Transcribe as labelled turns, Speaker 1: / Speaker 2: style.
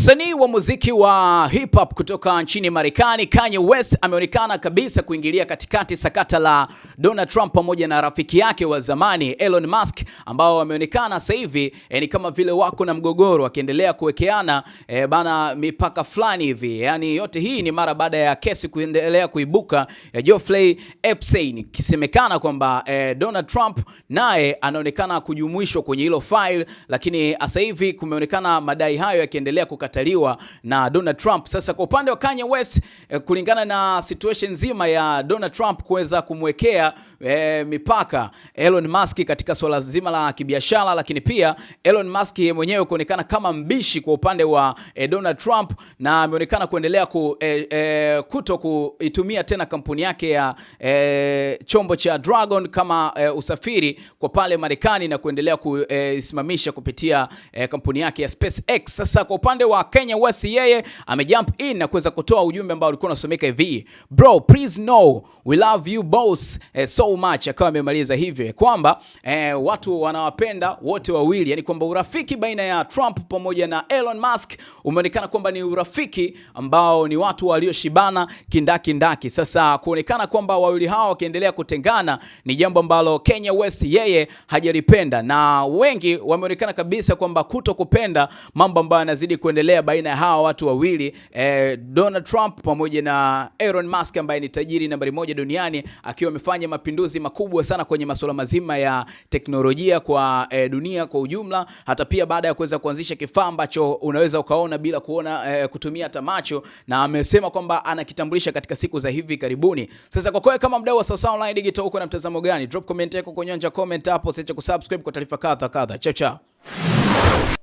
Speaker 1: Msanii wa muziki wa hip hop kutoka nchini Marekani, Kanye West ameonekana kabisa kuingilia katikati sakata la Donald Trump pamoja na rafiki yake wa zamani Elon Musk ambao wameonekana sasa hivi eh, ni kama vile wako na mgogoro wakiendelea kuwekeana eh, bana mipaka fulani hivi. Yani yote hii ni mara baada ya kesi kuendelea kuibuka ya Jeffrey Epstein kisemekana kwamba eh, Donald Trump naye anaonekana kujumuishwa kwenye hilo file, lakini sasa hivi kumeonekana madai hayo yakiendelea kukataliwa na Donald Trump. Sasa kwa upande wa Kanye West eh, kulingana na situation nzima ya Donald Trump kuweza kumwekea eh, mipaka Elon Musk katika swala zima la kibiashara, lakini pia Elon Musk mwenyewe kuonekana kama mbishi kwa upande wa eh, Donald Trump na ameonekana kuendelea ku, eh, eh, kuto kuitumia tena kampuni yake ya eh, chombo cha Dragon kama eh, usafiri kwa pale Marekani na kuendelea kuisimamisha eh, kupitia eh, kampuni yake ya SpaceX. Sasa kwa upande wa wa Kenya West, yeye amejump in na kuweza kutoa ujumbe ambao ulikuwa unasomeka hivi, bro please know we love you both eh, so much. Akawa amemaliza hivyo kwamba eh, watu wanawapenda wote wawili, yani kwamba urafiki baina ya Trump pamoja na Elon Musk umeonekana kwamba ni urafiki ambao ni watu walioshibana ndaki. Sasa kuonekana kwamba wawili hao wakiendelea kutengana ni jambo ambalo Kenya West yeye hajalipenda, na wengi wameonekana kabisa kwamba kuto kupenda mambo ambayo yanazidi kuendelea kuendelea baina ya hawa watu wawili eh, Donald Trump pamoja na Elon Musk ambaye ni tajiri nambari moja duniani akiwa amefanya mapinduzi makubwa sana kwenye masuala mazima ya teknolojia kwa eh, dunia kwa ujumla, hata pia baada ya kuweza kuanzisha kifaa ambacho unaweza ukaona bila kuona eh, kutumia hata macho, na amesema kwamba anakitambulisha katika siku za hivi karibuni. Sasa kwa kweli, kama mdau wa Sawasawa Online Digital, uko na mtazamo gani? Drop comment yako kwenye anja comment hapo, usiache kusubscribe kwa taarifa kadha kadha. Chao chao.